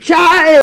加油！